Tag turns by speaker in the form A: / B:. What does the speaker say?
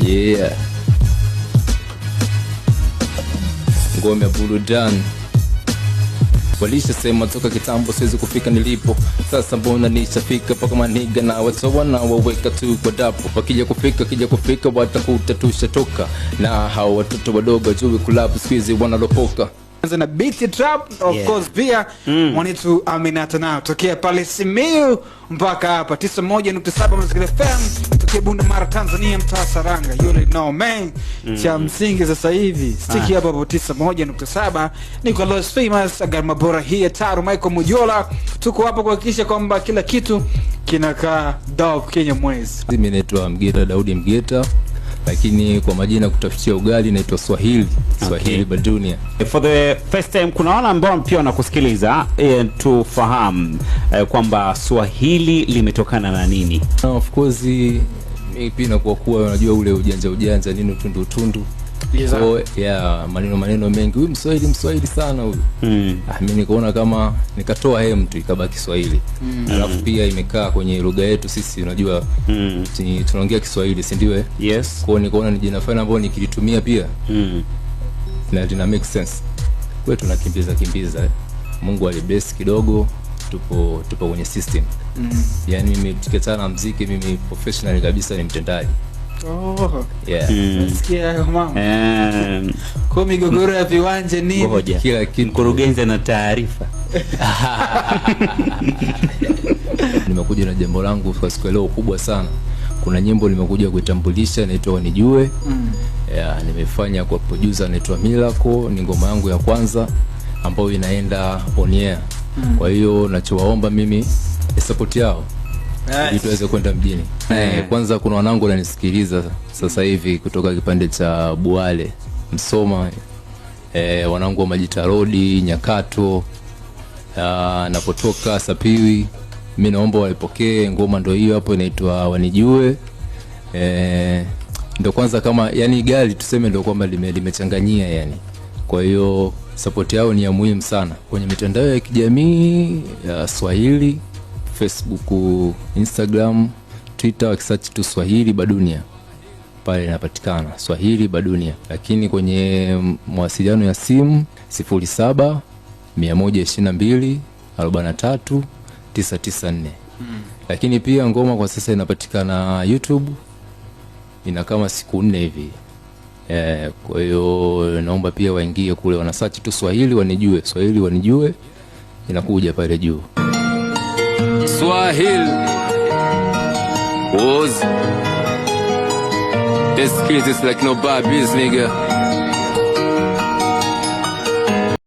A: Yeah. Ngome ya burudan walishasema toka kitambo, siwezi kufika nilipo sasa, mbona nishafika paka maniga na watoa na waweka tu kwa dapo, wakija kufika kija kufika watakuta tushatoka, na hao watoto wadogo juu kulabu siku wanalopoka
B: na beat trap of yeah. course pia mm. mwanetu Aminata nayo tokea pale Simiyu mpaka hapa 91.7 Mziki FM tokea Bunda Mara Tanzania, mtaa Saranga, you already know man mm. msingi sasa hivi stiki hapa ah. hapo 91.7 niko Los Famous Agarma Bora hii Taru Michael Mujola, tuko hapa kuhakikisha kwamba kila kitu kinakaa dope Kenya mwezi.
A: Mimi naitwa Mgeta Daudi Mgeta lakini kwa majina kutafutia ugali inaitwa Swahili okay. Swahili Badunia.
C: For the first time kuna wale ambao pia wanakusikiliza e, tufahamu e, kwamba Swahili limetokana na nini?
A: of course pia nakuwa kuwa unajua ule ujanja ujanja nini utundu utundu So, oh, yeah, maneno maneno mengi huyu Mswahili Mswahili sana huyu mm. Ah, mimi nikaona kama nikatoa hem mtu ikabaki Kiswahili mm. Alafu hmm. pia imekaa kwenye lugha yetu sisi, unajua mm. tunaongea Kiswahili si ndio? Yes. Kwao nikaona ni jina fulani ambalo nikilitumia pia mm. na lina make sense kwetu, tunakimbiza kimbiza. Mungu alibesi kidogo tupo tupo kwenye system mm. yaani mimi tukitana na mziki, mimi professional kabisa ni mtendaji
B: Hmm. migogoro ya viwanja
C: nini? na taarifa.
A: Nimekuja na jambo langu kwa siku leo kubwa sana. Kuna nyimbo nimekuja kuitambulisha inaitwa wanijue Mm. Yeah, nimefanya kwa producer anaitwa Miracle, ni ngoma yangu ya kwanza ambayo inaenda on Mm. Kwa hiyo nachowaomba mimi sapoti yao ili tuweze kwenda mjini eh. eh. Kwanza kuna wanangu wananisikiliza sasa hivi kutoka kipande cha Buale Msoma, eh, wanangu wa majitarodi Nyakato, ah, napotoka Sapiwi. Mi naomba waipokee ngoma, ndo hiyo hapo inaitwa Wanijue. Eh, ndo kwanza kama yani gari tuseme ndo kwamba limechanganyia lime yani, kwa hiyo sapoti yao ni ya muhimu sana kwenye mitandao ya kijamii ya Swahili Facebook, Instagram, Twitter wakisach tu Swahili Badunia pale inapatikana Swahili Badunia, lakini kwenye mawasiliano ya simu 07 122 43 Lakini pia ngoma kwa sasa inapatikana YouTube ina kama siku nne hivi. Eh, kwa hiyo naomba pia waingie kule, wanasachi tu Swahili wanijue, Swahili wanijue, inakuja pale juu. Swahili was this kid is like no Barbies, nigga.